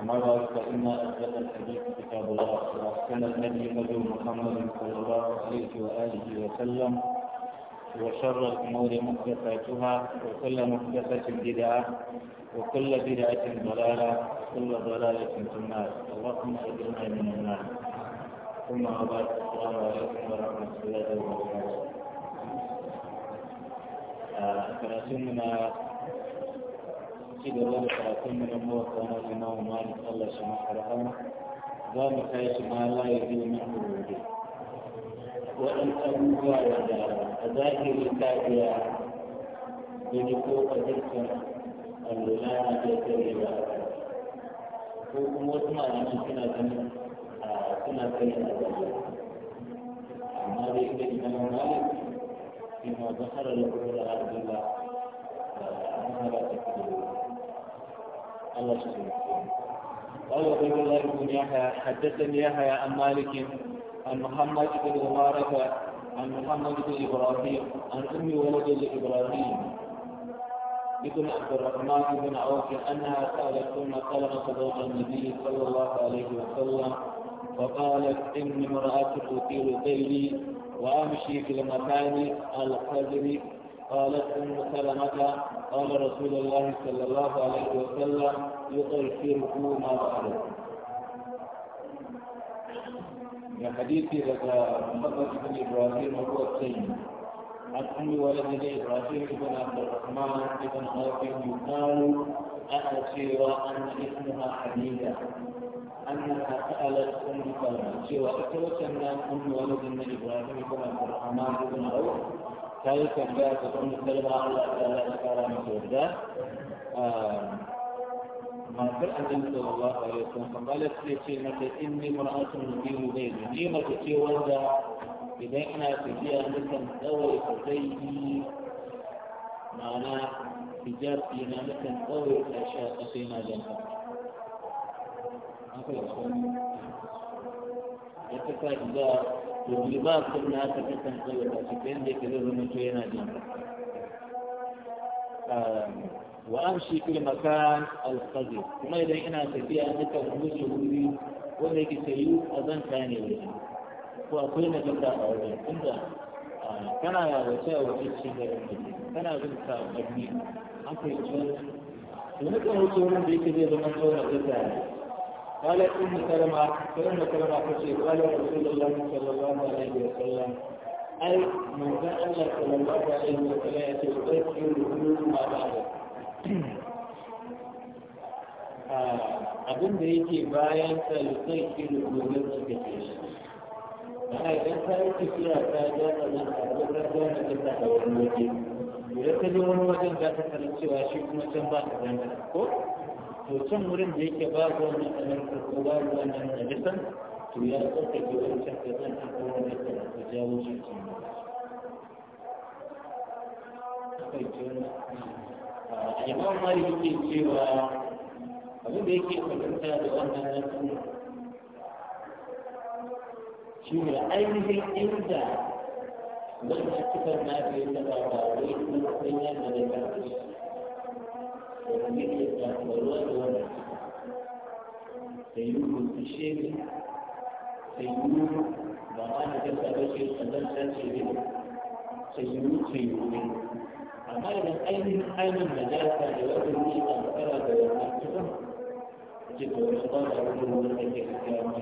أما فإن أصدق الحديث كتاب الله وأحسن الهدي هدي محمد صلى الله عليه وآله وسلم وشر الأمور محدثاتها وكل محدثة بدعة وكل بدعة ضلالة وكل ضلالة في النار اللهم أجرنا من النار ثم أبعد السلام عليكم ورحمة الله وبركاته. آه ci gaba da karatun mu na mawaka na imamu malik allah shi maharama za mu tashi ma layi biyu na kurobe waɗansu abubuwa da a zahiri ta iya gani ko fahimtar allura na iya karewa ko kuma wasu malaman suna ganin suna kai a zahiri amma dai ita imamu malik فيما ظهر له الأرض الله أنها لا تكون الله يسلمك قال الله بن يحيى حدثني يحيى عن مالك عن محمد بن مبارك عن محمد بن ابراهيم عن ام ولد لابراهيم بن عبد الرحمن بن عوف انها سالت ثم طلبت زوج النبي صلى الله عليه وسلم فقالت اني امراه اثير ذيلي وامشي في المكان القدر قالت ام سلمه قال رسول الله صلى الله عليه وسلم ما أهله من حديث لدى محمد بن إبراهيم أبو السيد عن أم ولد إبراهيم بن عبد الرحمن بن عوف يقال أأسير أن اسمها حديدة أنها سألت أم سلمة سوى أكلت أم ولد إبراهيم بن عبد الرحمن بن عوف فهي لا تكون مختلفة على الأشكال المتوردة آه، ما في النبي صلى الله عليه وسلم قالت لي شيمة إني مرأة مقيم بيني شيمة شي وزا إذا إحنا في فيها مثل أول فزيدي معناه حجاب فينا مثل أول الأشياء فينا جنة أقول لكم يتفاجئ to libas din da aka kasance da cikin da ke zama to yana jin wa amshi fil makan al qadir kuma idan ina tafiya nika wuce wuri wanda yake sayu azanta ne wajen ko akwai na gaba a wajen inda kana ya wace a wace cikin garin da kana bin sa barni an kai to nika wuce wurin da yake zai zama to na gaba قالت أم سلمة فأم سلمة تشي قال رسول الله صلى الله عليه وسلم أي من سأل صلى الله عليه وسلم يتذكر كل ما بعده abin da yake bayan sa sai ki rubuta shi da ke shi ba idan ta yi tafiya ta ja ta nan a gudanar da wani ta ta wani waje idan ta je wani wajen za ta karancewa shi kuma can ba ta zanga ko to can wurin da yake babu wannan alarkar ko babu wannan najisan to ya tsarkake wancan da zan ta kawo da ta ta jawo shi cikin a yawan mari yake cewa abin da yake fahimta da wannan nasu shi ne ainihin inda wannan cikar na biyu da ba wai kuma sai yana da karfi سيكون في الشيء سيكون بعضها جلسة بشي قدم ساتي به سيكون سيكون أما إذا أين أين المجالسة لوجه أنكر بوجهتهم جد وشطار رجل الذي كان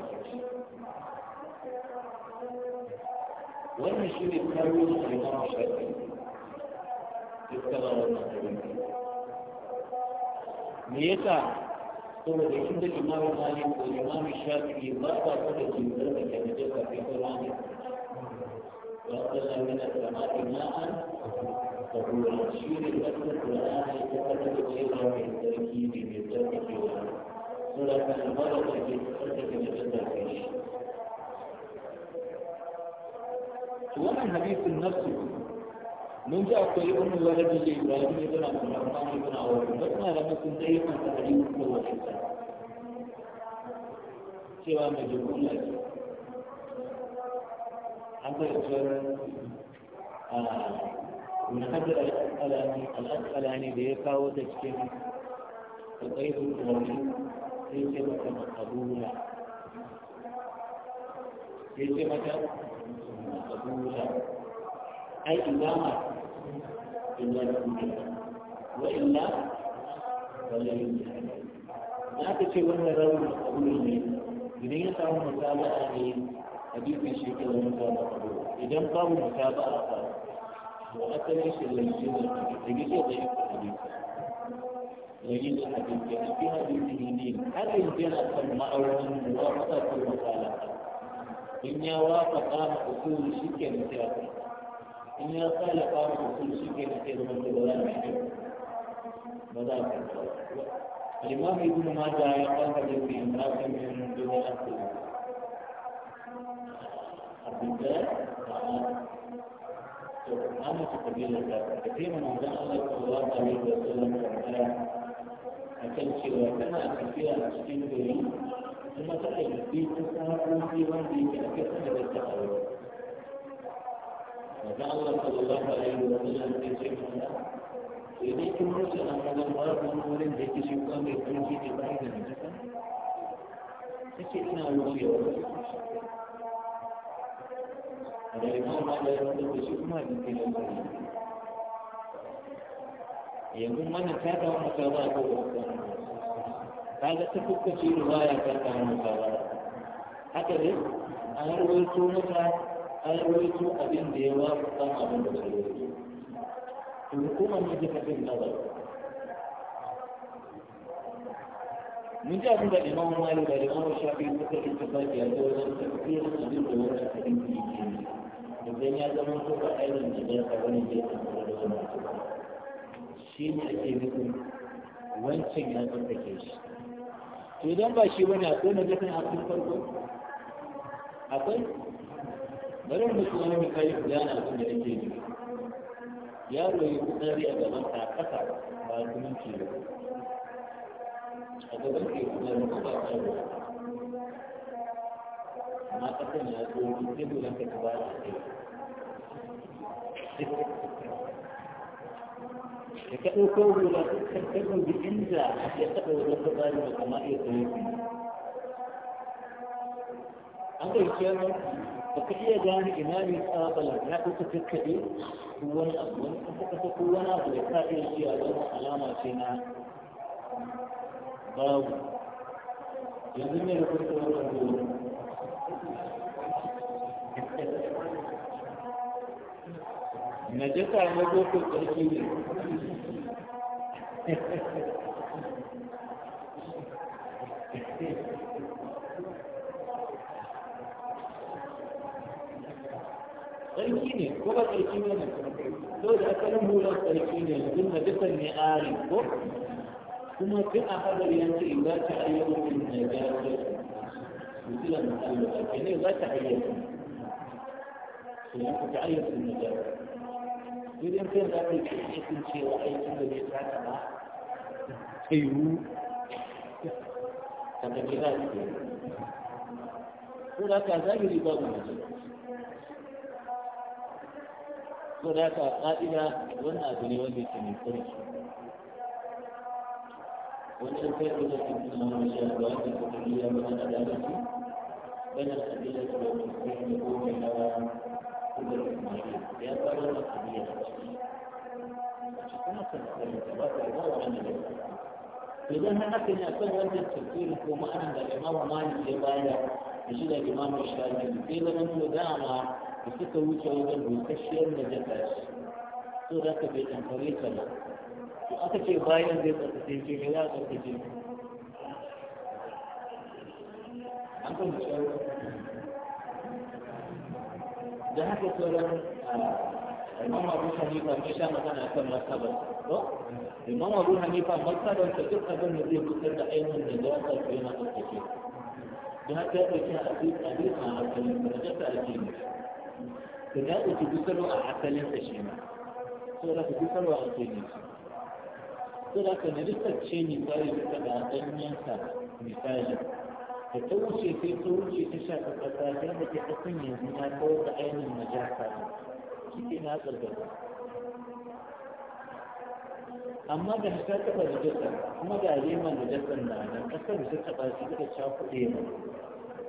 وأنا شيء التاويل الإمام الشافعي في الكلام المسلمين me yasa saboda inda imamu malik ko imamu shafi'i ba sa kada jimbar da ke da ka fi qur'ani wa qala min as-sama'i ma'an fa huwa yashiri ila qur'ani ta kada da ke da sarki bi bi sarki ke da sura kan baraka ke sarki ke da ke shi wannan hadisin nafsi mun ji akwai wani wani da ke ibrahim ne suna kuma amma ne suna wani ba suna da mutum da yi kan ta hadisin ko wani ta cewa mai jirgin lafi an kai tsoron wani hajjar al'asalani da ya kawo ta cikin alƙaifin wani sai ce mata makabula sai ce mata makabula ai ilama إلا لكم وإلا فلن يجعل ذاك شيء وانا راوي أقول لي إذا يسعوا مسابقة حديث الشيخ المسابقة إذا قاموا مسابقة وأتني شيء لم يجد الحديث ضعيف الحديث يجد الحديث في هذه الدين هل الجنة المأوى موافقة المسابقة إن يوافق أصول الشيخ المسابقة in ya tsallaka wa mutum shi ke na kai zaman da ba za mai kyau ba za ka الإمام ابن ماجه يقال في امرأة من دون أصل عبد الله أنا في قبيلة ذاك كثير من عند الله صلى الله عليه وسلم قال أكل شيء وكما كثير أشتم به ثم تقل في تسعة في وندي كأكثر من التقوى وكان الله صلى الله عليه وسلم في سيدنا إليكم رسلا من الله ومن ذلك شيطان يكون في جبائك نجسا فسئنا الوصي الإمام هذا يقول شوف ما يمكن أن يقول من كاد ومكاباته هذا تفك في رواية كاد ومكاباته هكذا أنا رويت مكاباته an abin da ya wasu san abin da ya yi to kuma mun ji kafin nazar mun ji abin da imam mali da imam shafi suka yi ta baki a wajen a abin da wani cikin kiri idan ya zama ko ba ainihin da ya ne wani ya tafiyar da wani shi ne ake nufin wancan ya tsarkake shi to idan ba shi wani akwai na jikin a cikin farko akwai bari mu ci wani misali gudana abin da ake yi yaro ya fitsari a gaban ta kasa ba zumunci ba a gaban ke fitsari ba ba ta ba amma kasan ya zo sai dole ka ta ba ta kai da ka ɗauko wula kakkan da inda ya taɓa wula fitsari ba kama iya tsaye an ga shi فكي يجاني إمامي آقلا ناكو تفكتي هو الأفضل فكتك هو ناظر كافي الجيادة وعلامة سينا باو يزمي لكي تفكتي نجسع نجوك الترشيد tsarki ne ko ba tsarki ne ne to da asalin hular tsarki ne yanzu na dukan ne ari ko kuma duk a hadar yanzu in za ta ayyukan mutum na gyara mutulan Allah ne za ta ayyuka sai aka ta ayyuka na gyara idan kai za ka yi cikin cewa aikin da bai taka ba tsayu ka ga gida ne ko da ka zagiri babu mutum ko da ka ka'ida wani abu ne wanda ke mai sarki wannan kai ko da kin kuma mun shi da wanda ko da ya mun da da shi bana sabila da wani sai ne ko mai da kuma da ya fara da sabila da shi kuma kan da ba ta da wani ne idan har haka ne akan wannan tafsirin ko ma'anar da Imam Malik ya bayar da shi da Imam Shafi'i sai da nan da dama da suka wuce wajen dokashiyar najasa ce so da ka bai tankare ta ba to aka ce bayan zai tsarkace ce ga ya tsarkace an kan cewa da haka sauran imam abu hanifa ne sha magana kan masabar to imam abu hanifa masabar ta duk abin da zai fitar da ainihin da za ta kai na tsarkace da haka ya ɗauki a duk a duk a hakan da ta ake nufi Ka to ya ɗauki gusarwa a asalin sa shi ma so da ka gusarwa a kai ne shi so da ka niristacce misali duka da ɗanyensa misali da ta wuce sai ta wuce ta sha ta ƙasa ta yadda ke ƙasan yanzu na kawar da ainihin najasa shi ke na tsargaba amma da ta taɓa da jasa kuma da leman da jasa na nan ƙasar da ta taɓa shi ta cakuɗe ne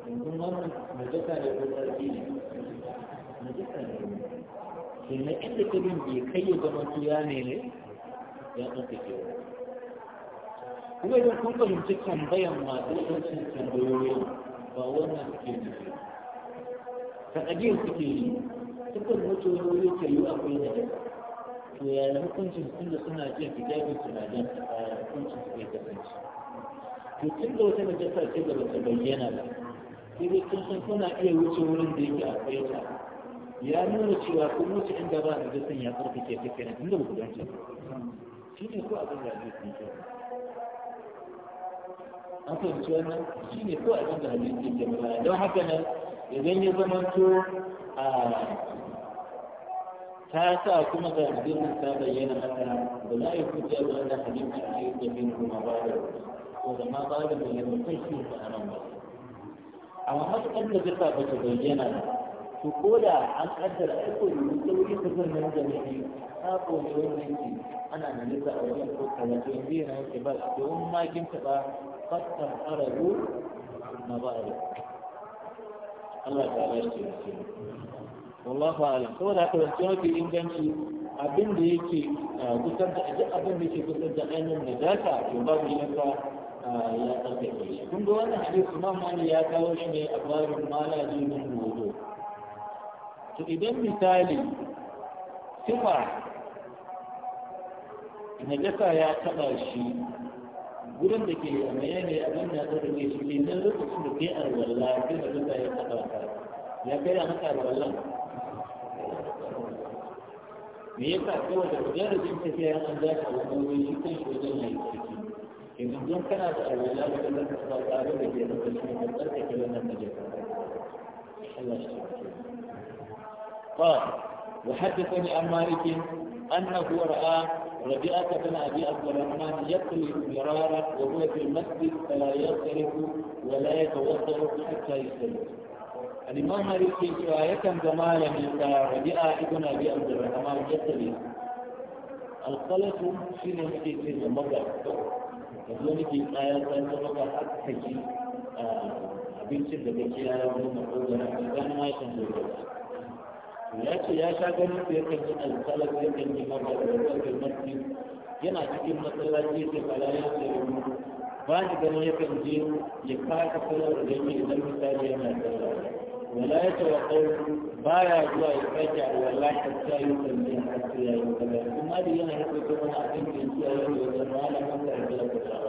yanzu wannan najasa ne kenan inda ka bin bai kai ya zama tuya ne ne ya tsaka ke kuma idan kun fahimci tambayan masu ɗaukacin tambayoyin ba wannan suke Ta takajiyar suke yi sukan mutu wani yake yi akwai da to yi hukuncin tun da suna jin hijabi tunanin jan a hukuncin su bai kasance to tun da wata najasa ce da ta bayyana ba sai dai kun san kuna iya wuce wurin da yake akwai ta ya nuna cewa kun wuce inda ba a jisun ya tsarkake ta kenan inda ba ku dace shi ne ko a ganga da hadisi ke an fahimci wannan shi ne ko abin da hadisi ke magana don haka nan idan ya zama to a ta sa kuma ga hadisin ta bayyana maka ba za a yi hujja da wannan hadisi a yi da bin kuma ba da ko da ma ba da bayyana kai shi ba a nan ba amma matuƙar da zai sa ba ta bayyana to ko da an kaddar aiko da wani sauri ta zama da ne ta kone wani yanki ana da nisa a wajen ko kaza to yanzu yana yake ba domin ma kin taɓa fattar arabu na ba a yi Allah ta ba shi ce wallahu alam saboda haka da cewa ke inganci abin da yake ah, kusan da duk abin da yake kusan da ainihin da najasa to babu shakka ah, ya tsarkake shi kun ga wannan hadisi imam mali ya kawo shi ne a babin malaji min wudu to idan misali sifa najasa ya taɓa shi gudun da ke amaye ne abin da ta rage shi ne nan lokacin da ke arwalla sai da duka ya taɓa ka ya kai a maka arwallan me yasa kawai da kujar da jin tafiya an za ka wani wani shi kan shi wajen mai ciki yanzu don kana da arwalla da kan ka taɓa ƙarin da ke da kan shi ne kan tsarkake wannan najasa Allah shi قال وحدثني عن مالك أنه رأى ربيعة بن أبي عبد الرحمن يقلب مرارا وهو في المسجد فلا يغترب ولا يتوضأ حتى يسلم. الإمام مالك رواية جمالا من ربيعة بن أبي عبد الرحمن يقلب القلق في نفسه في المرة yanzu الآية kayan san ta maka har سيدة abincin da kake yara wani makogon a kan ya ce ya sha ganin da yakan yi alkalar yakan yi da masjid yana cikin masallaci ya ce ya ce ba ni ganin yakan je ya kaka sanar da yake idan misali yana sallah wala ya ce wa ba ya zuwa ya sake a wala ta ta yi sanya a tsaya yi sallah kuma da yana haɗe ko wani abin da yake yawan da wajen malamin da ya zama da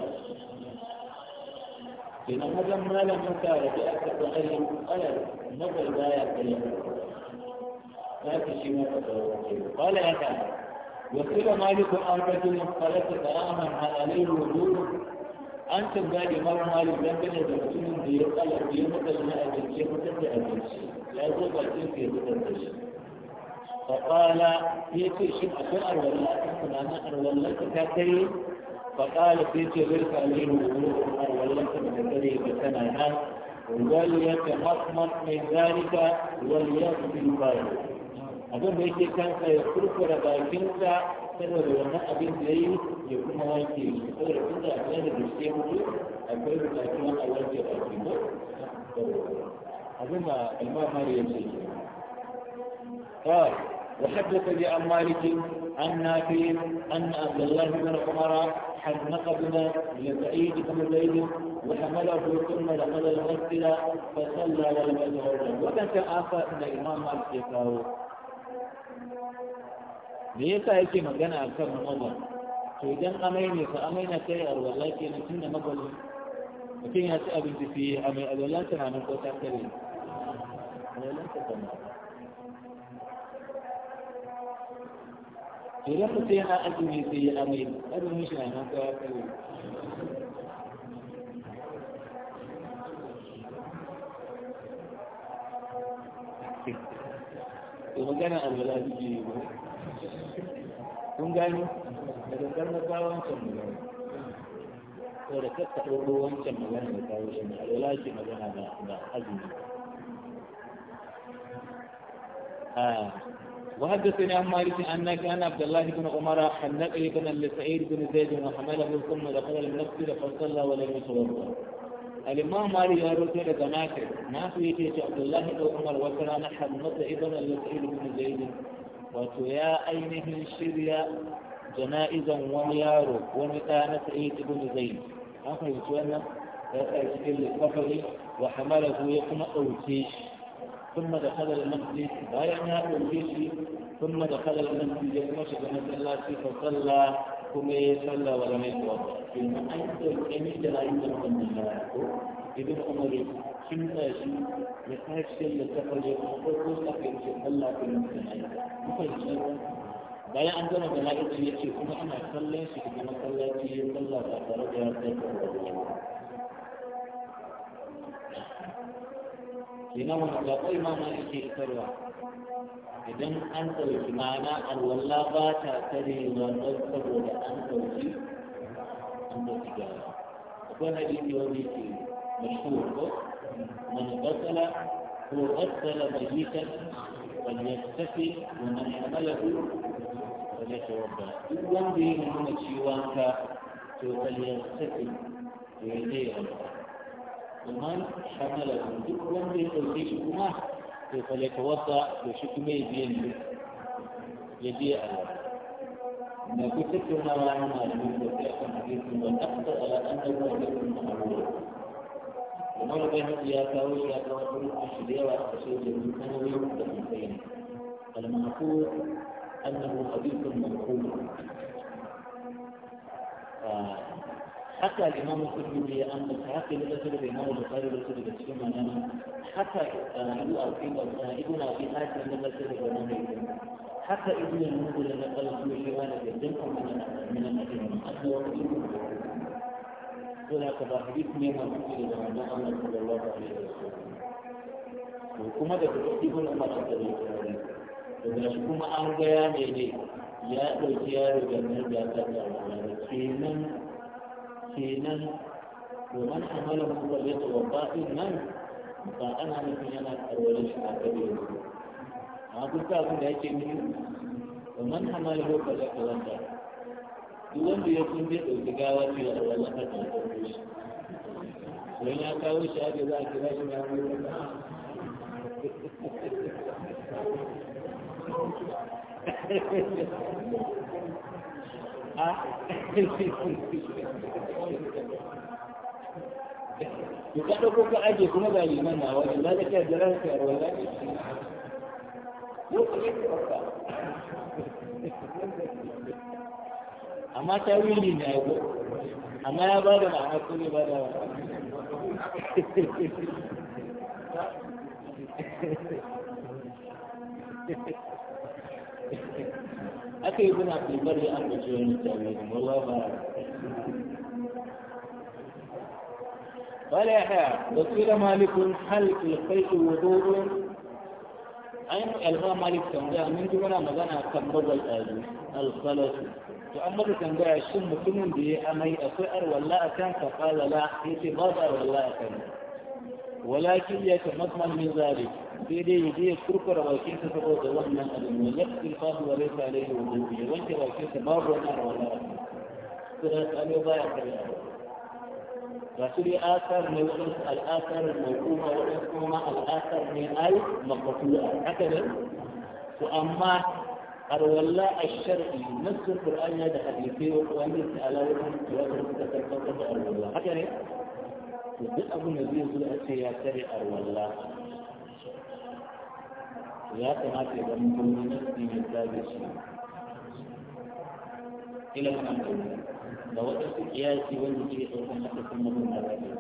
kenan wajen malamin da ya aka fi ainihin ƙarar mabar baya kai ذاك الشيء ما قال يا كان يقول مالك أربعة مختلفة كراما على ليل وجود انتم بعد مرة مالك لم يكن يدرسون في قال في يوم تجمع الجنسية وتبدا الجنسية لا يقول الجنس في يوم فقال يسوع شيء أسرع ولا أكثر أنا أنا ولا أكثر فقال يسوع ذلك عليه وجود ولا أكثر من ذلك وليت مصمت من ذلك وليت من بارك abin da yake kansa ya kurkura bakinsa saboda wannan abin da yi ya kuma wanke shi saboda kun da abin da gaske mutu akwai bukatu a wanke baki ko abin da imam mari ya ce ke قال وحدثني عن مالك عن نافع ان عبد الله بن عمر حنق بنا لسعيد بن زيد وحمله ثم دخل المسجد فصلى ولم يتوجه وكان اخر ان امام مالك يقول me yasa yake magana akan mazan to idan amai ne fa amai na kai arwala ke tun da magwalin mutum ya ci abinci fiye amai arwala tana nan ko ta kare arwala ta kama idan mutum yana azumi sai ya amai azumin shi na nan ko kare to magana arwala suke yi ba kun gano da gangar na kawo wancan magana ko da kakka ɗoro wancan magana da kawo shi ne alwala ce magana da azumi وحدثني عن مالك أن كان عبد الله بن عمر حنق بن لسعيد بن زيد وحمله ثم دخل المسجد فصلى ولم يتوضا. الامام مالك يروي كذا نافع نافع يجي عبد الله بن عمر وكان حنق بن لسعيد بن زيد وتيا أينه الشريا جنائزا ومياره ومتانة عيد بن زين أخي يتوانا يتعجب للقفل وحمله يقنع أوتيش ثم دخل المسجد بايعنا أوتيش ثم دخل المسجد يقنش بنت الله سيف صلى كما يصلى ولم يتوضع في المعيد الأمير لا يمكن أن يكون ابن عمر كم تاجي نتاج كم نتفرج وقلت أكيد شيء ألا في المتنعي مثل شيء بايا أنزل بلا إذن يتشي كما أنا أتصلي شكي كما أتصلي شيء يتصلى بعد رجاء ذلك لنوى نتاقي ما نتاجي أكتروا إذن أنت بمعنى أن والله باتا تري وانتظر لأنت وشي أنت تجارة وانا دي تيوني تي مشهور بس من غسل هو غسل ميتا فليكتفي ومن حمله فليتوضا duk به من هنا ciwon فليكتفي ويديه ومن حمله duk به ya ɗauke shi فليتوضا وشكمه shi يديه على biya ne ya ما كنت تتكلم عن هذا الموضوع في أحد الحديث على أنه حديث معروف imam bai ya kawo shi ya kawo kuma a shi da yawa a shi da mun kana yau da mun bayyana al-maqul annahu hadithun manqul حتى الإمام الترمذي أن حتى لدى الإمام البخاري لدى الإمام أنا حتى أبو أبي ابن أبي حاتم لدى الإمام حتى ابن المنذر لدى الإمام الجوانب الدم من من الأدلة yana ka ba hadis ne na mutum da manzon Allah sallallahu alaihi wasallam to kuma da ibn Umar da ne da ga shi kuma an ga ya ne ne ya dauki yaro da nan da ta da kenan kenan ومن حمله هو يتوضا من فانا نفسي انا اول شيء اكبر هذا كان يجي ومن حمله هو يتوضا duk wanda ya kun zai ɗauki gawa ce a wani haka da shi wani ya kawo shi ake za a kira shi na wani ku ka ɗauko ka aje kuma ga liman na wani za ka kira jiran ka yarwa za ko ka yi ka amma ta wili ne yago amma ya ba da ma'ana ko ne ba da aka yi guna kulbar da aka ce wani tawili murwa ba قال يحيى وقيل مالك هل في وضوء أين الغى مالك كم من جملة مغنى كم بغل الخلص to an maka tambaya shin mutumin da ya amai akwai arwalla a kan ka kala la yace ba da arwalla a kan walakin ya ta masman min zalik sai dai ya je ya kurkura bakin sa saboda wannan abin wa yaqil fasu wa laysa alayhi wa man ya wanke bakin sa babu wannan arwalla to da tsalo baya kare ga su dai asar ne wadansu al'asar mawquma wadansu kuma al'asar ne al maqtu'a haka ne to amma قال ولا الشرقي نفس القران هذا حديثي يصير وان يسالوه ويقول لك تتوقف ارض الله حتى يعني ابو النبي يقول لك يا سري ارض الله يا تماتي بنتم من نفسي من باب الشيء الى ان انتم لو وجدت قياسي والذي يقول لك تسمه من هذا الشيء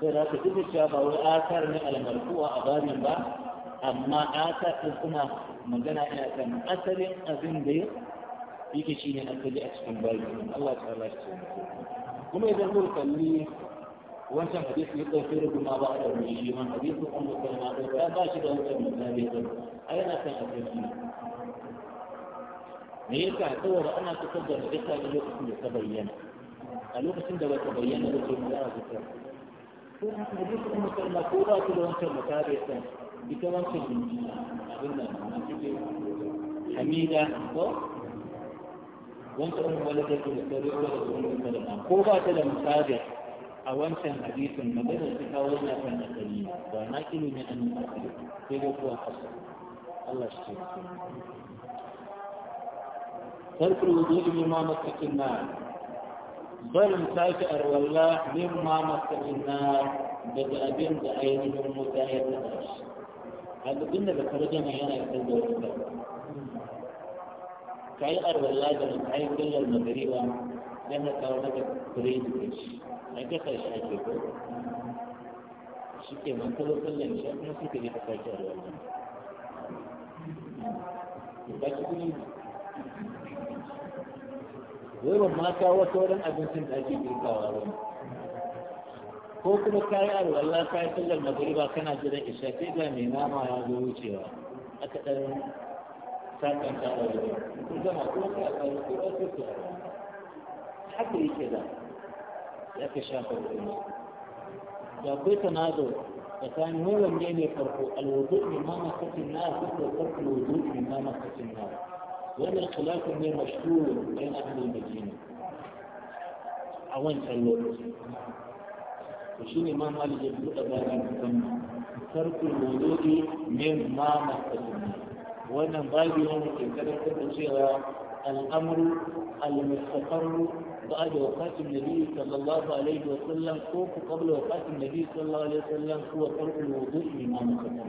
فراتب الشاب او الاخر من المرفوع اباني الباب اما آتا كنا مجنا آتا أسل أذن بير فيك شيء من أكل أسفل بايزون الله تعالى أسفل كما إذا قلت لي وانسى حديث يتغفر بما بعد المشي من حديث أم السلام عليك لا باش إذا أنت من ذلك أين كان أسفل ميكا تور أنا تصدر إخاء الوقت اللي تبين الوقت اللي تبين الوقت اللي تبين الوقت اللي تبين الوقت اللي تبين الوقت اللي تبين الوقت اللي تبين الوقت اللي تبين ita ma ce abin nan na cikin hamida ko wancan ɗan wani da ke da sarri ko da kuma da na ko ba ta da misali a wancan hadisin magana ta kawo na kan asali ba na ilimin an asali sai da kuwa kasa Allah shi ce ترك الوضوء مما مسك النار ظلم ساك أرولا مما مسك النار بدأ بين دعين المتاهد الأشياء abin da baka rage mai yana kan da wani ka yi arwalla da ka yi kullar magariba don ka kawo maka kure da ka ci a kasa shi ake ko shi ke man kalo kullar shi kuma suka yi haka ki arwalla ba ki kuni wai ban ma kawo wata wurin abincin da ake girkawa ba ko kuma ka yi alwala ka yi sallar magariba kana jiran isha sai ga mai nama ya zo wucewa aka ɗan sakan ta a wajen ku zama ko ka ɗan ko ɗan ko ka haka yake da ya ka shafa wani da akwai tanazo tsakanin wannan ne ne farko alwudu min ma masakin na ko ko farko alwudu min ma masakin na wannan khilafin ne mashhur bayan ahlul madina a wancan lokacin to shi ne man malik ya buɗe bayan musamman tarkul mawdu'i min ma mastasunna wannan babu yana ke karantar da cewa al'amru al-mustaqarru بعد وفاة النبي صلى الله عليه وسلم فوق قبل وفاة النبي صلى الله عليه وسلم هو ترك الوضوء لما مقدم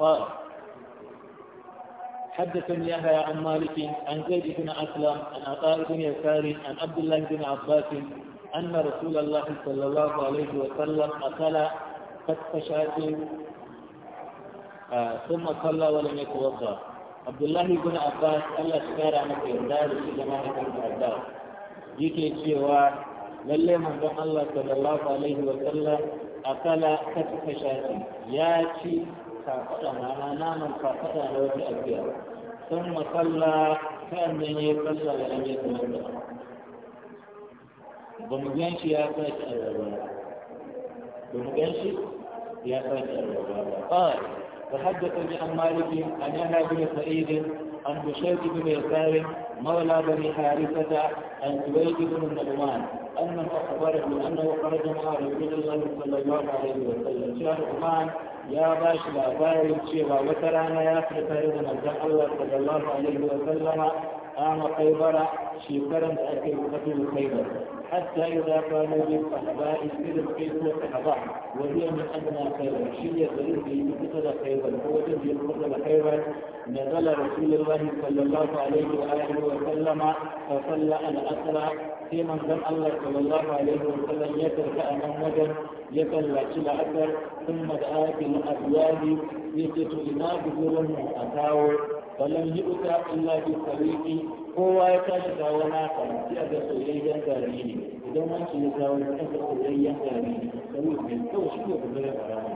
قال حدثني يحيى عن مالك عن زيد بن اسلم عن عطاء بن يسار عن عبد الله بن عباس أن رسول الله صلى الله عليه وسلم أكل فتح شاة ثم صلى ولم يتوضأ عبد الله بن عباس الله شكر عنك يرداد في جماعة بن عباس يكي للي من دون الله صلى الله عليه وسلم أكل فتح شاة ياتي كافتا معنا نام كافتا لوجه أبيض ثم صلى كأنني صلى ولم يتوضأ ba mu gan shi ya tashi قال ba mu مالك ان انا بن سعيد ba fa بن يسار مولى بني حارثة أن تبيت بن النعمان أن أخبره أنه خرج مع رسول الله صلى الله عليه وسلم يا عثمان يا باشا باري شيبا وترانا يا خلفاء إذا الله صلى الله عليه وسلم آل خيبر شيكرا أكل قتل خيبر حتى إذا كانوا بالصحباء السلم كيف الصحباء وهي من أدنى خيبر شيء غريب في قتل خيبر هو الذي قتل خيبر نزل رسول الله صلى الله عليه وآله وسلم فصلى الأسرى في منزل الله صلى الله عليه وسلم يترك أمامه يتلى كل أثر ثم دعا في الأبواب يجد إمام بذور أتاو wannan yi uka inna bi tariqi kowa ya tashi da wani kan ya ga soyayyen gari idan an ci ga wani kan da soyayyen gari ne sai mu bin to shi ne gobe da rana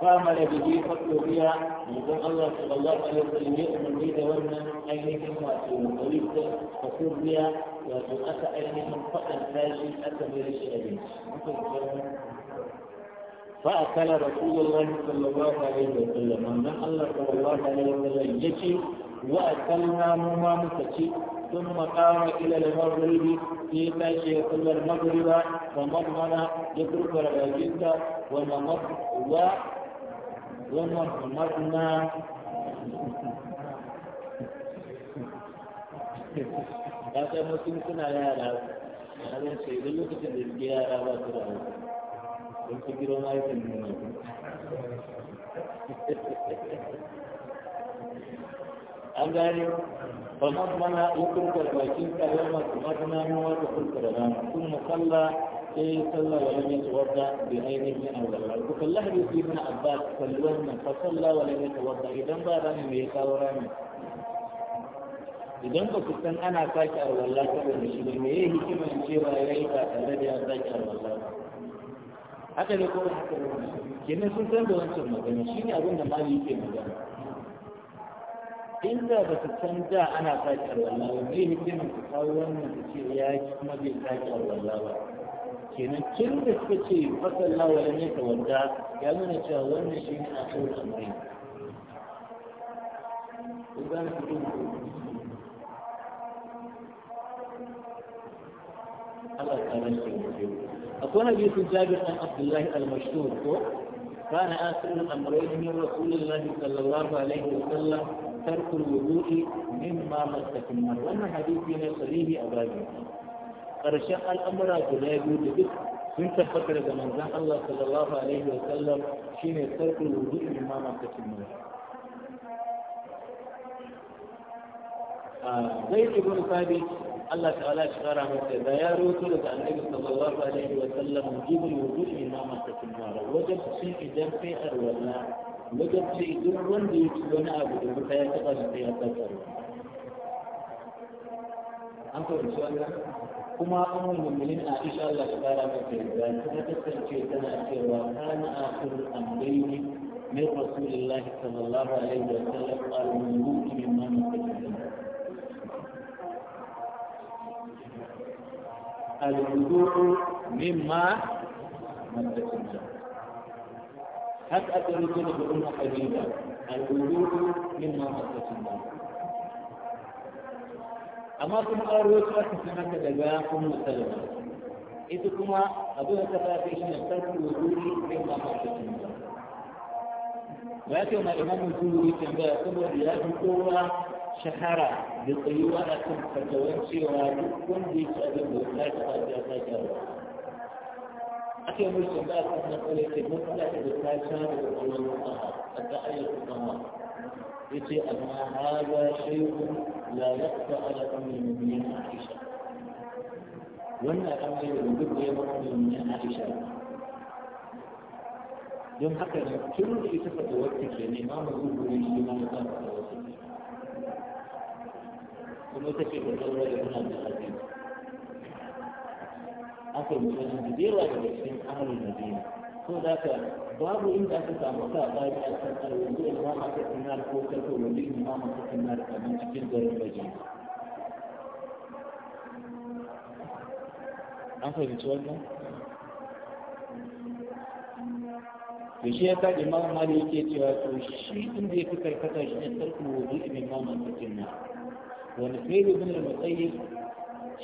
fa mara bi bi fatoriya idan Allah sallallahu alaihi wasallam ya umarni da wannan ainihin wato tariq da fatoriya wato aka ainihin fadan tashi aka bari shi abinci muke فأكل رسول الله صلى الله عليه وسلم من الله صلى الله عليه وسلم يجي وأكلنا مما متشي ثم قام إلى المغرب في ماشي يصلى المغرب ومضمنا يترك الجد ومضمن ومضمنا ka san mutum suna هذا a ran sai lokacin da yara ba su don ka gidan aikin nuna an gane ba ma mana ya kurkar bakin karyar masu matana nuwa ta kurkar rana sun musalla sai sallah wa lam yatawadda bi ainihi aw ghayrihi ku kallah bi ibn abbas sallan fa salla wa lam yatawadda idan ba rani me ya kawo rani idan ba ku san ana sake arwalla saboda shi ne me ya hikimar cewa yayi ba tare da ya sake arwalla ba haka ne ko haka ne kenan sun san da wancan magana shi ne abin da mali yake magana inda ba su san da ana sake alwala ba zai hikima su kawo wannan su ce ya yi kuma bai sake alwala ba kenan kin da suka ce fasalla wa ne ta wanda ya nuna cewa wannan shi ne a kawai amrai idan su yi Allah ta rashin mutum أكون أبي جابر بن عبد الله المشهور كان آخر أمرين من رسول الله صلى الله عليه وسلم ترك الوضوء مما مس في النار وأن حديث من صحيح أبراهيم أرشا الأمر لا يجوز به من تفكر زمن زمن الله صلى الله عليه وسلم شين ترك الوضوء مما مس في النار آه، زيد بن ثابت الله تعالى شكرا مكة يا رسول الله صلى الله عليه وسلم وجب الوجود في النار وجب شيء جمع أرولا وجب شيء دون يتبنى أبو دون حياة قد يتبنى أنتم سؤالا كما أمر المؤمنين إن شاء الله تعالى مكة ذاتنا تتكي تنأخر وكان آخر الأمرين من رسول الله صلى الله عليه وسلم قال من يؤمن في النار الوضوء مما مدت الجنة هل أتريدون بأم حبيبة الوضوء مما مدت الجنة أما كما أرويت أكثر من كذا أم سلمة إذا كما أبوها تفاتيش نفتر الوضوء مما مدت الجنة ولكن الإمام الجمهوري كان بيقول يا جمهور شهر بطيوانكم فتوجي وعدكم بيس أدب الله قد يتجرى أكيد مجد الله أن نقول إذا مطلق بتاشر الله مطهر الدعية الضمان إذا أما هذا شيء لا يقطع لكم من مبين عائشة وإن أمي يوجد يوم من عائشة يوم حقا كل إسفة وقتك يعني ما مقول بريش لما يقام kuma ita ce wata wani muna da hadisi aka yi mutum da yawa daga cikin ahalin madina ko da ka babu inda aka samu ka bayan a kan alwanzu imam aka tunar ko kato wani imam aka tunar kamar cikin garin madina an fahimci wannan da shi ya sa imam mali yake cewa to shi inda ya fi karkata shi ne tarkon wani imam aka tunar wani sai ibn al matsayi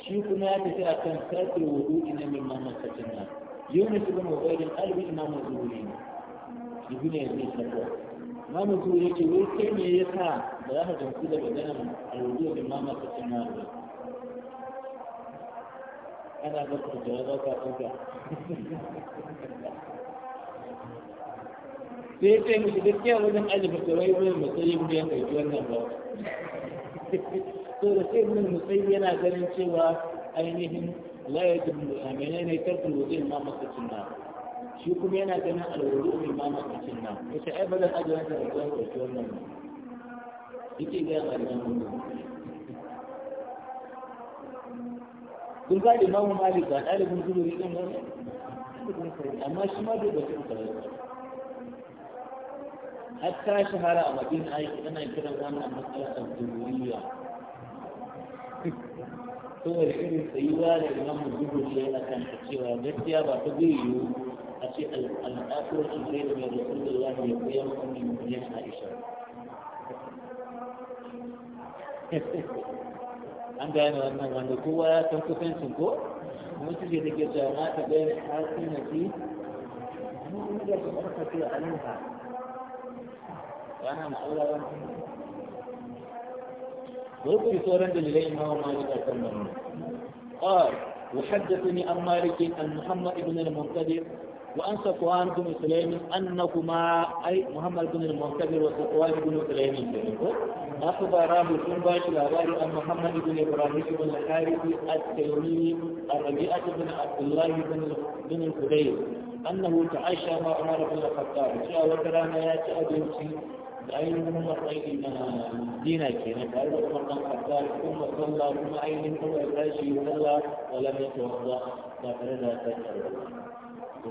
shi kuma ya tafi akan sarfin wudu'i na min mamakacin nan yau yunus ibn ubaydin qalbi imam az-zuhri ibn yazid sakwa imam az-zuhri ce wai kai ne ya sa ba za ka gamsu da maganar al-wudu'i min mamakacin nan ba ana ga ku da za ka ɗauka sai ce mishi gaskiya wajen ajiye fitowai wajen matsayin ne ya ɗauki wannan ba to da sai ibn musayyib yana ganin cewa ainihin la yajibu ne tarkul wudu ma masjidin nan shi kuma yana ganin alwudu ne ma masjidin nan yace ai bazan ajiyar da zan ɗauki wannan yake ga wannan kun ga imamu malik ba ɗalibin zubiri ɗin ba amma shi ma bai bata ba hatta shahara a madina ana kiran wannan matsalar zubiriya saboda irin tsayuwa da imamu dubu shi a kan cewa gaskiya ba ta zai a ce zai da mai ya koya mutane miliyan aisha an gane wannan wanda kowa ya san kusancin ko ta bayan da su a nan ha wani وفي صورا الليل إمام مالك أكرمه قال وحدثني عن مالك عن محمد بن المنكدر وعن صفوان بن سليم أنكما أي محمد بن المنكدر وصفوان بن سليم أبو سنباش شلابار أن محمد بن إبراهيم بن الحارث التيمي الربيعة بن عبد الله بن بن الخدير أنه تعشى مع عمر بن الخطاب جاء وكرامة يا أبي ainihin matsayi na dina ke na tare da kuma kan kasa kuma sallah kuma ainihin kuma ya tashi sallah wala mai tawadda ba tare da tsakiyar ba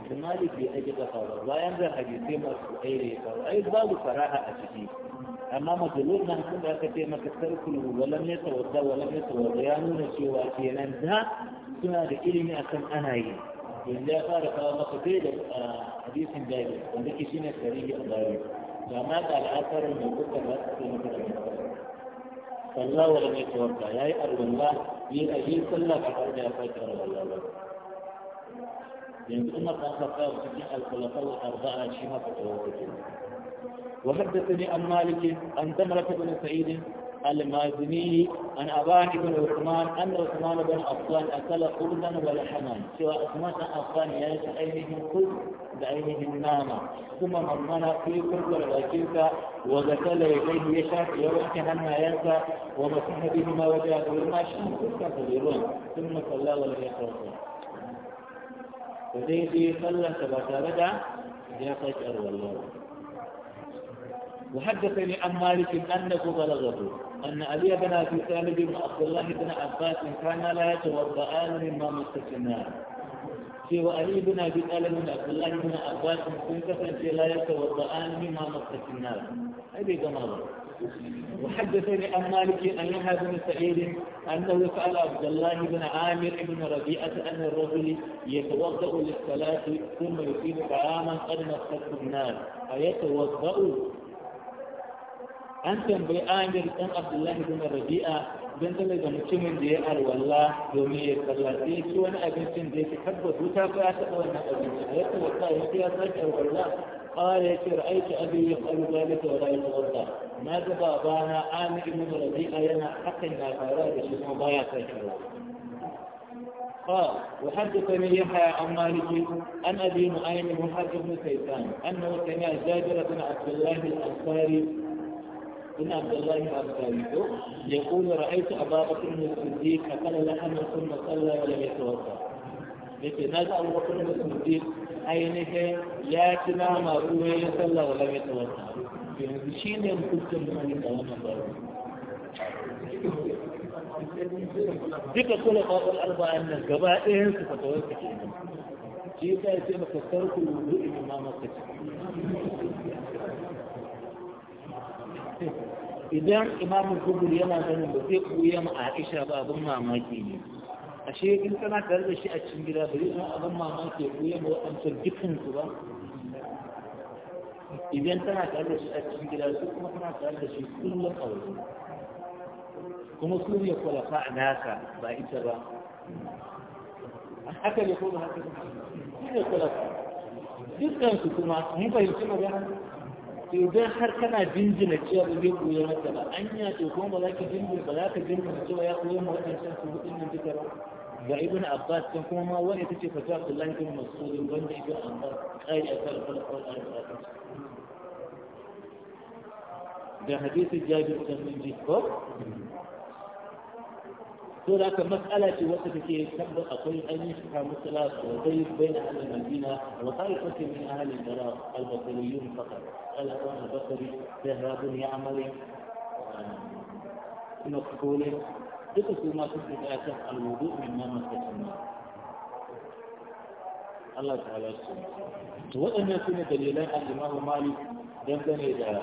to malik bai ake kasa ba bayan da hadisai masu aire ka ai babu faraha a ciki amma majalus nan kun da aka ce maka tarkul wala mai tawadda wala mai tawadda ya nuna cewa kenan da suna da ilimi akan ana yi yanzu ya fara kawo maka sai da hadisin jari wanda ke shine sarihi a bari جامعة الآثار الموجودة في مكان صلى ولم يتوضا يا أرض الله من أجل صلى الله الخطاب في وحدثني عن مالك عن ثمرة بن سعيد المازني عن أبان بن عثمان أن عثمان بن عفان أكل خبزا ولحما سوى عثمان بن عفان يأتي عينه خبز بعينه النامة ثم مضمنا في كل الغسيلة وغسل يديه يشك يوحك هنا ينسى ومسح بهما وجهه وما شاء كل ثم صلى ولم يتوضا وزي صلى سبعة رجع يا قيس الله وحدثني عن مالك أنه بلغته أن أبي بن أبي طالب بن عبد الله بن عباس كان لا يتوضأان مما مسكنا في وأبي بن أبي طالب بن عبد الله بن عباس كنت لا يتوضأان مما مسكنا أبي جمال وحدثني عن مالك أن يحيى بن سعيد أنه سأل عبد الله بن عامر بن ربيعة أن الرجل يتوضأ للصلاة ثم يصيب طعاما قد مسكنا أيتوضأ an tambayi amir ɗan abdullahi bin rabi'a don tana da mutumin da ya alwala domin ya kalla sai ya ci wani abincin da ya ci tabbas wuta ko ya taɓa wannan abincin da ya taɓa sa ya ci ya sake alwala قال يا رأيت أبي يفعل ذلك ولا يتوضأ ما تبا بانا آمر بن ربيعة ينا حقا ما فعل بشيء مضايا تشعر قال وحدثني يحيى عن مالك عن ابي نعيم محمد بن كيسان انه سمع جابر بن عبد الله الانصاري ان عبد الله بن ابي يقول رايت ابا بكر بن الصديق اكل لحما ثم صلى ولم يتوضا. مثل هذا ابو بكر بن الصديق عينه ياتنا ما روى صلى ولم يتوضا. بشين شيء من الله Duka kula faɗin arba'in nan gaba ɗayan su fata wasu ke nan. Shi ya sai maka idan imamu kubur yana ganin ba zai koya ma aisha ba abin mamaki ne ashe in kana tare da shi a cikin gida ba zai abin mamaki ya koya ma waɗancan dukansu ba idan tana tare da shi a cikin gida su kuma tana tare da shi kullum a waje kuma su ne kwalafa a naka ba ita ba haka ne ko ba haka ne kwalafa dukkan su kuma mun fahimci magana to dan har kana jinjina cewa ba zai koya maka ba anya to kuma ba za ka jinjina ba za ka jinjina cewa ya koya ma wadannan su hudun nan duka ba ga ibn abbas kan kuma ma wani tace fata abdullah ibn mas'ud wanda ibn abbas kai a kan farkon alƙur'ani da hadisi jabir bin jibril هناك مسألة في وقت كي يتبع أقول أن يشفى مسألة وضيف بين أهل المدينة وطائفة من أهل البلاغ البطريون فقط ألا أخوان البطري ذهب يعمل مقبول بقص ما تفعل أسف الوضوء مما مسكت الله تعالى السلام وأن يكون دليلان الإمام مالك دمدن إذا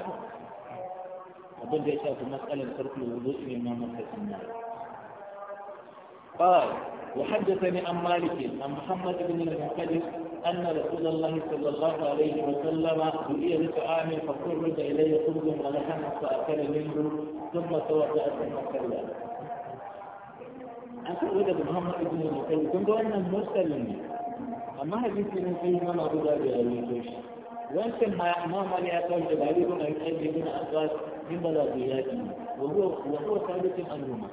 أبن جاء في مسألة ترك الوضوء مما ما النار قال وحدثني عن مالك عن محمد بن المعتدل أن رسول الله صلى الله عليه وسلم دعي لطعام فقرب إلي خبز ولحم فأكل منه ثم توضأ ثم صلى أقول لك محمد بن المعتدل كنت أنا مسلم أما هذه من فيه ما أبو ظبي عليه وأنتم ما من يأكل جبالي بن أبي من أباس من بلادياته وهو وهو ثابت عنهما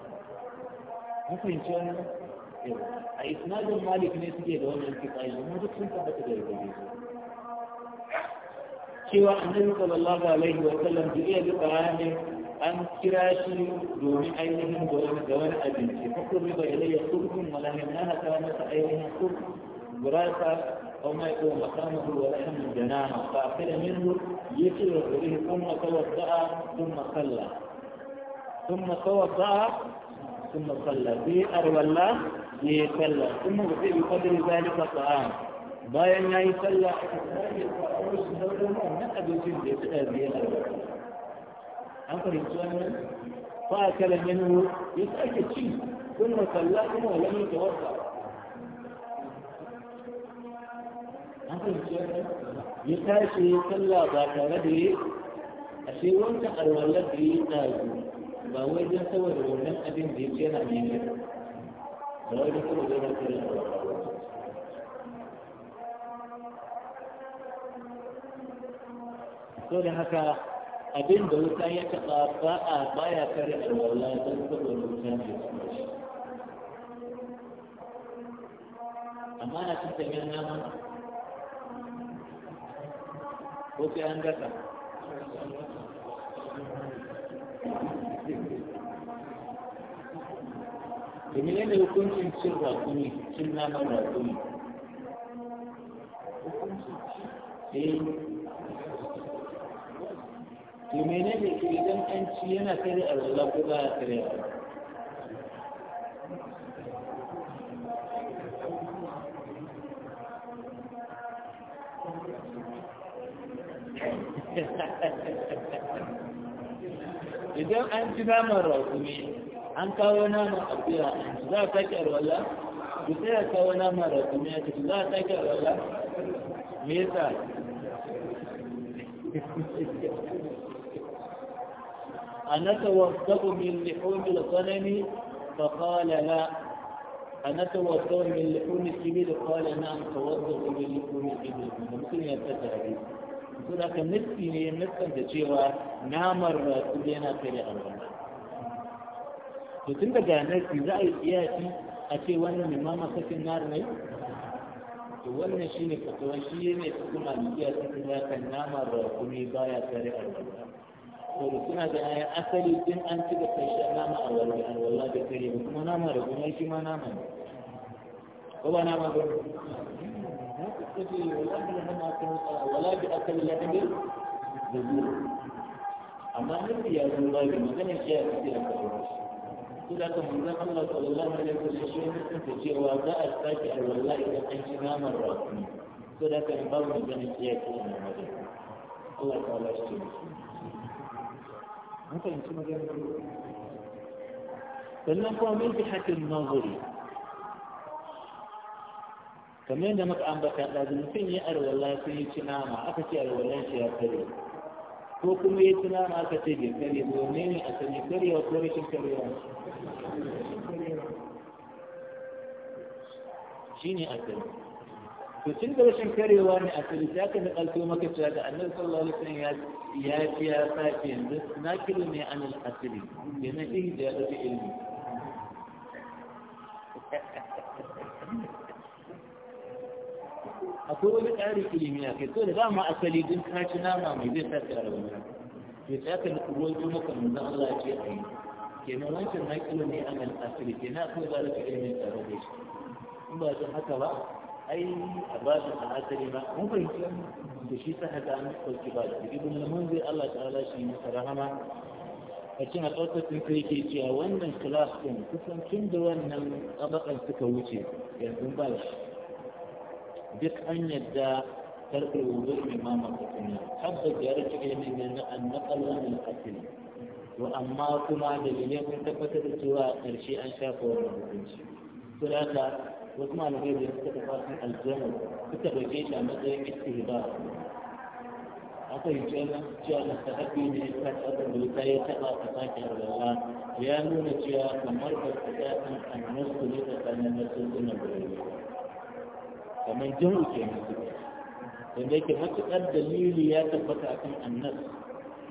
مفهوم اي اسناد المالك ليس كده هو الانتقائي هو ده كنت بتقول كده سوى النبي صلى الله عليه وسلم جاء بقرانه أن كراشي دون أيهم دون دون أجنسي فقرب إلي صرف ولهمناها كانت أيها صرف براسة وما ما يكون مقامه ولحم الجنانة فأخذ منه يسر به ثم توضأ ثم صلى ثم توضأ ثم صلى بئر ولا يصلى ثم في بقدر ذلك الطعام باين ما يصلى أكل الجنة فأكل منه يسأل شيء ثم صلى ثم لم يتوضأ يتاشي صلى ذاك الذي أشي وانت أرواء الذي تاجي ba wai don saboda wannan abin da yake yana ne ne ba wai don saboda yana kira da so da haka abin da wuta ya taɓa ba a baya kare alwala don saboda wuta ne su amma na cin tafiyar nama ko sai an gasa domin menene hukuncin cin rakumi cin naman rakumi eh to menene idan an ci yana kare alwala ko ba ya kare alwala ci naman rakumi an kawo naman akuya za a sake alwala ku sai a kawo naman rakumi a ciki za ta sake alwala me yasa أنتوثق من لحوم الغنم فقال لا أنتوثق من لحوم الإبل قال نعم توثق من لحوم الإبل ممكن يفتح حديث su da ka nufi ne da cewa namar rasu yana a alwala to tun daga nufi za a yi iyaki a ce wannan limama sakin nar ne to wannan shi ne fatuwa shi ne cikin malikiya cikin kan namar rasu ne baya kare alwala da suna da ya asali din an ci da kai nama a wani alwala da kare kuma nama da kuma shi ma nama ne ko ba nama ba الإبل ولا بلحم ولا بأكل لحم الذكور أما النبي يا الله ما كان يشاء كثيرا كذا كان الله صلى الله عليه وسلم تجي وأداء الفاتحة والله إذا كان إمام كذا كان بعض كان يشاء كثيرا الله تعالى يشتري متى يمكن أن يكون؟ فلنقوم بحكي النظري kamar yadda muka ambata ɗazu mutum ya arwala sai ya ci nama aka ce arwalan shi ya kare ko kuma ya ci nama aka ce bai kare ba wanne ne a sani karewa ko rashin karewa shi ne a sani to tun da rashin wa ne a sani sai aka nakalto maka cewa da annabi sallallahu alaihi wasallam ya ya ci ya sake yanzu na kilo ne an al'asiri kenan ɗin da ya ɗauki ilimi akwai wani ƙarin ilimi a kai da dama asali din kaci nama mai zai sa ka rauna to sai aka nufi ruwan kuma kan zan Allah ce a yi Ke kenan wancan na kilo ne a nan asali kenan akwai za ta ilimin tare da shi in ba sun haka ba ai a ba su a asali ba mun fahimci da shi sa haka an ɗauki ba da na mun zai Allah ta'ala shi masa rahama a a ɗaukacin kai ke cewa wannan kilas ɗin kusan tun da wannan tsabakan suka wuce yanzu ba shi duk an yadda tarkul wudu imama sunna tabbas ya rike ilimin na annaqalla min asli to amma kuma da dalilai sun tabbatar da cewa karshe an shafa wannan hukunci to haka wasu malamai da suka tafi aljanna suka dauke shi a matsayin istihbar aka yi kenan cewa na sahabi ne ta tsakar da wuta ya taɓa ta sake alwala ya nuna cewa kamar ba ta tsakanin annasu ne tsakanin nasu suna da rayuwa kamar jihu ke musu da yake matuƙar dalili ya tabbata akan annas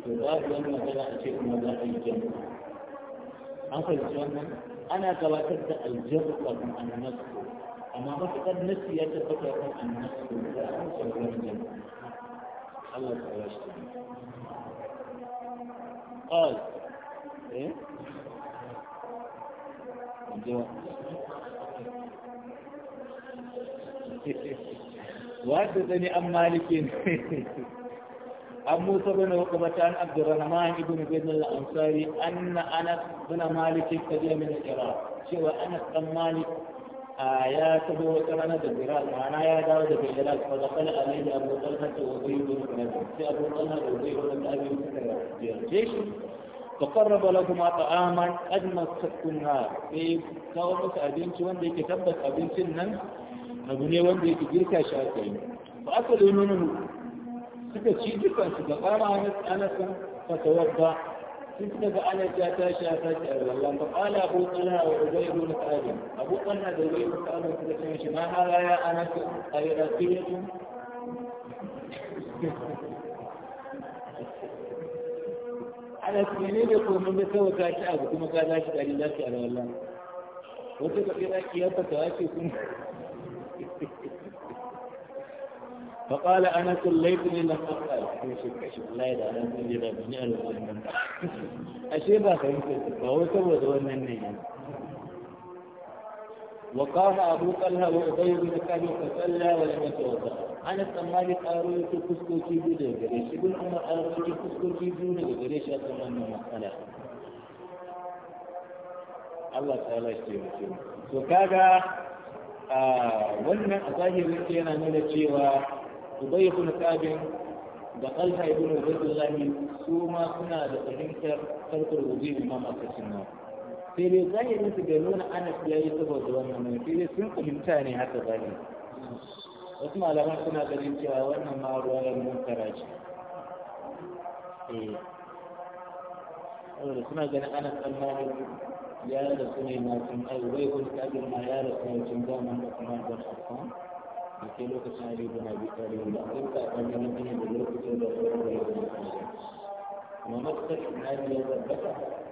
to su wani magana a ce kuma za a yi jihu an fahimci wannan ana gabatar da aljihu kafin annas ko amma matuƙar nasi ya tabbata akan annas ko za a yi sauran jihu Allah ta yi shi قال ايه وحدثني عن مالك عن موسى بن عقبة عن عبد الرحمن بن زيد الأنصاري أن أنس بن مالك قديم من العراق شوى أنس بن مالك آيات هو كمان الدجال معنا يا داود الدجال فدخل عليه أبو طلحة وأبي بن كلاب في أبو طلحة وأبي بن أبي جيش تقرب لهما طعاما اجمل سكنها في كومس أبنتي وندي كتبت أبنتي النار abu ne wanda yake girka shi aka yi ba aka da nuna suka ci su da ƙara anasan fatawar ba sun suka ga ana ta tashi a tashi a rarra ba ƙala abu tsala zai ubai na tsari abu tsana da ubai ibn su suka ce shi ma hala ya anasa a yi rasiyatun ana ne da kuma da kawai ta ci abu kuma ka za shi ɗari za ki a rarra wata kafin ake yabba ta ake kuma فقال أنا كليتني نفسك لا يدعنا من جرابني وقام أبو طلحة وأبي بن كعب فصلى ولم يتوضأ أنس بن قالوا أروي كسكو كيبو ده غريش ابن عمر أروي كسكو كيبو ده غريش أتمنى مسألة Allah ta'ala shi ya ce to kaga a wannan a zahirin yana أبي المتابع كعب دخل ابن عبد الله سوما كنا دخلنا خلق الوزير ما مكسنا في انت تقولون أنا في أي سبب دوانا من في رزاية تقولون حتى ذلك أسمع لما كنا دخلنا وأنا مع رواية من كراج أسمع لما أنا في المال يا رسول الله أبي بن كعب ما يا رسول الله كنا من كمان برشقان a sai lokacin Ali bin Abi Talib da akwai tsakanin Madina da lokacin da sauran da yake da shi amma matakar Ali ya tabbata mutum ta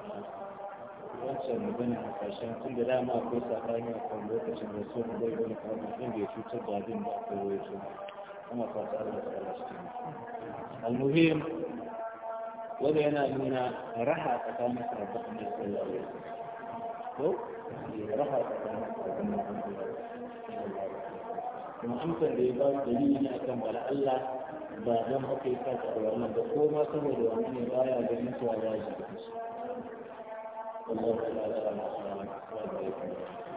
gani wancan magana a ƙarshen tun da dama akwai tsakani a kan lokacin da so zai wani kamar ɗin bai cutar da abin da akwai wai su kuma fata Allah ta Allah shi almuhim wanda yana nuna raha tsakanin sabbin da sallallahu alaihi wasallam ko raha kuma amsan da ya ba da yi ne akan bala Allah ba zan haka yi kasa da wannan ba ko ma saboda wannan ne baya ganin cewa ya ji da Allah ya ba da rahama wa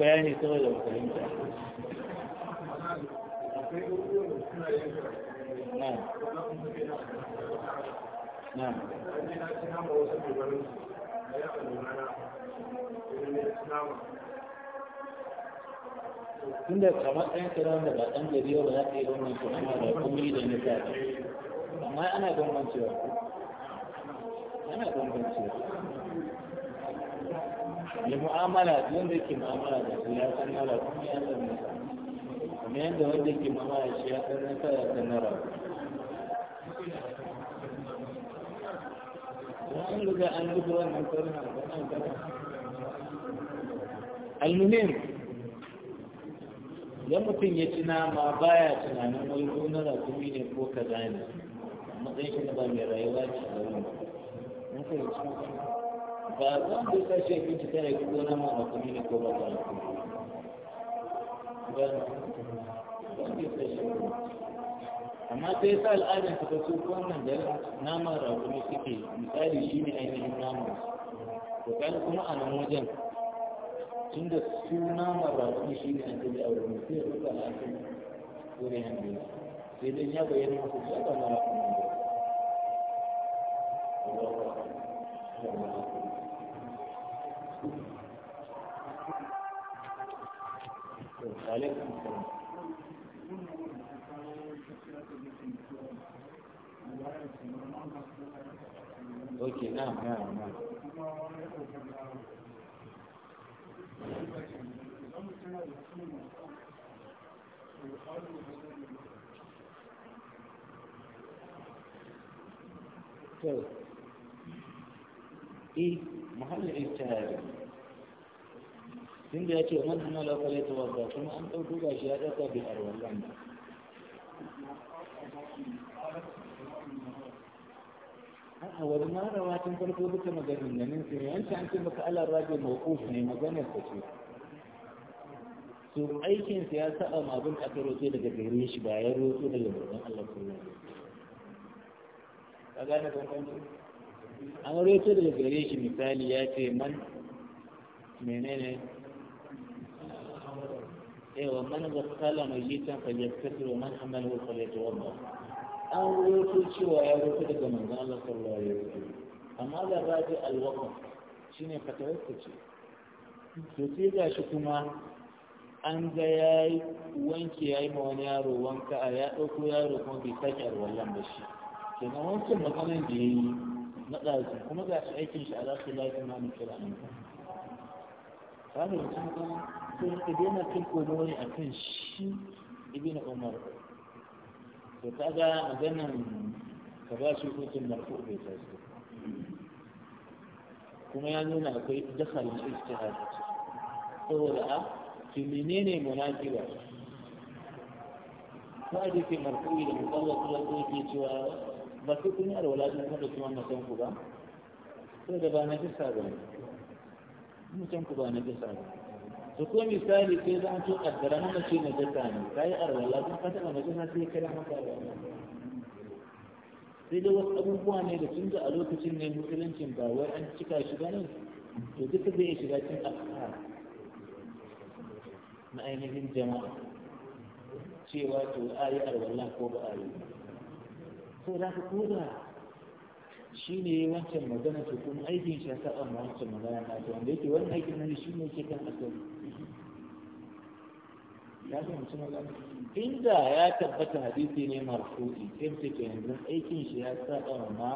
bayani saboda ba fahimta na tunda kamar ɗan kiran da ba ɗan gari ba za ka yi bambanci amma ba kuma yi da nisa ba amma ana bambancewa ana bambancewa المعاملات من ذيك المعاملات لا تنرى من عنده ذيك المعاملات الشيء فلا تنرى المهم يا ممكن يتنا ما بايا تنا ما يقولنا لا تمين يبوك زين ما تيجي نبى مرايات ممكن يتنا ba wanda ya kashe abinci tana yi ko nama a kuma ne ko ba ta ba wanda ya kashe amma sai sa al'adar ta kasu ko wannan da naman rakumi suke misali shi ne ainihin naman to kan kuma a nan wajen tunda su naman rakumi shi ne an da a wurin sai ya rufa al'adar ko ne hannu sai dan ya bayyana masu shi aka mara kuma ba alaikum salam ok na'am tun da ya ce man hamala falai ta wanda kuma an ɗauko gashi ya ɗauka bi arwallan a'a wani ma rawatin farko duka maganganun su ne yanci an ce maka ala rabi mawquf ne maganar ta ce su aikin sa ya saba ma abin aka roƙe daga gare shi ba ya roƙe daga gurbin Allah sallallahu alaihi wasallam ka gane bambanci an roƙe daga gare shi misali ya ce man menene yawa man zakala mai yitan fayyaskatar wa man amalu falyatawadda an rawaito cewa ya rufe daga manzon Allah sallallahu alaihi wasallam amma da rabi alwaqf shine fatawarsa ce to sai shi kuma an ga ya yi wanke ya yi ma wani yaro wanka a ya ɗauko yaro kuma bai sake alwallon ba shi kenan wancan maganin da ya yi na ɗazu kuma ga shi aikin shi a za su lafi ma mu kira an kafin sun ka daina kai kodori a kan shi na umar Da ta ga maganan ka ba shi hutun marfu bai taso kuma ya nuna akwai dakalin istihad saboda a to menene munafiba ko a jefe marfu'i da mutsallar kuma ko yake cewa ba su kun yi alwala sun haɗa kuma na san ku ba sai da ba na fi sa ba ne. mutum ku ba na jasa ba to ko misali sai za a ce kaddara na mace na jasa ne ka yi arwala kun ka taɓa na sai sai na maka arwala sai da wasu abubuwa ne da sun ga a lokacin ne musuluncin ba wai an cika shi ba ne to duka zai shiga cikin afkar na ainihin jama'a cewa to a yi arwala ko ba a yi so ka koda shi ne wancan magana ta kuma aikin shi ta amma wancan magana ta to wanda yake wani aikin nan shi ne yake kan asali ya ga fahimci magana inda ya tabbata hadisi ne marfu'i sai mutum ke yanzu aikin shi ya ta amma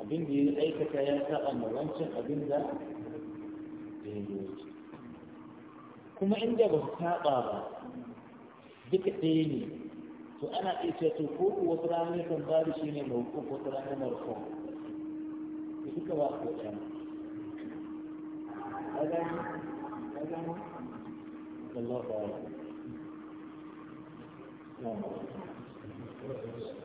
abin da ya aikata ya ta amma wancan abin da ya yi kuma inda ba su saba ba duka ɗaya ne to ana iya to ko wata rana kan ba da shi ne mawuku wata rana marfu da duka ba ko ɗaya agani agani Allah ba ya